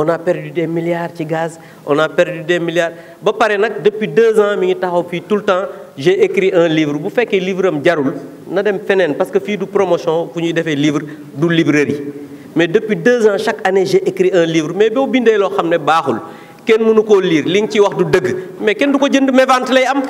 on a perdu des milliards ci gaz on a perdu des milliards ba pare nag depuis deux ans mi ngi taxaw fii tout le temps j'ai écrit un livre bu fekkee livre am jarul na dem feneen parce que fii du promotion fu ñuy defee livre du librairie mais depuis deux ans chaque année j'ai écrit un livre mais boo bindee loo xam ne baaxul kenn mënu koo lire li nga ciy wax du dëgg mais kenn du ko jënd mais vente lay am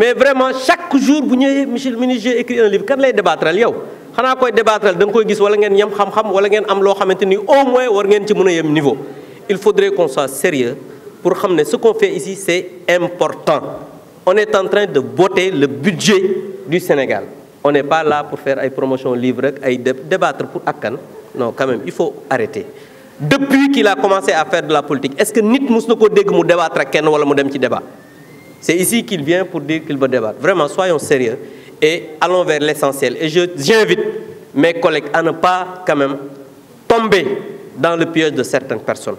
mais vraiment chaque jour bu ñëwee monsieur le ministre écrit un livre kan lay débattral yow il faudrait qu'on soit sérieux pour ramener ce qu'on fait ici c'est important on est en train de botter le budget du Sénégal on n'est pas là pour faire ay promotion livre et débattre pour akkan non quand même il faut arrêter depuis qu'il a commencé à faire de la politique est-ce que nit ne dégg débattre ak débat c'est ici qu'il vient pour dire qu'il veut débattre vraiment soyons sérieux et allons vers l'essentiel. Et j'invite mes collègues à ne pas quand même tomber dans le piège de certaines personnes.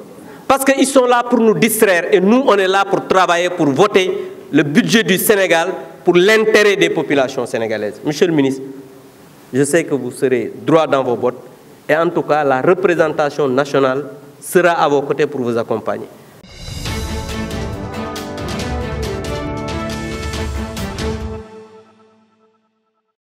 Parce qu'ils sont là pour nous distraire et nous, on est là pour travailler, pour voter le budget du Sénégal pour l'intérêt des populations sénégalaises. Monsieur le ministre, je sais que vous serez droit dans vos bottes et en tout cas, la représentation nationale sera à vos côtés pour vous accompagner.